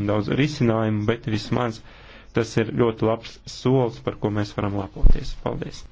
un daudz risinājumu, bet vismaz tas ir ļoti labs solis, par ko mēs varam lepoties. Paldies!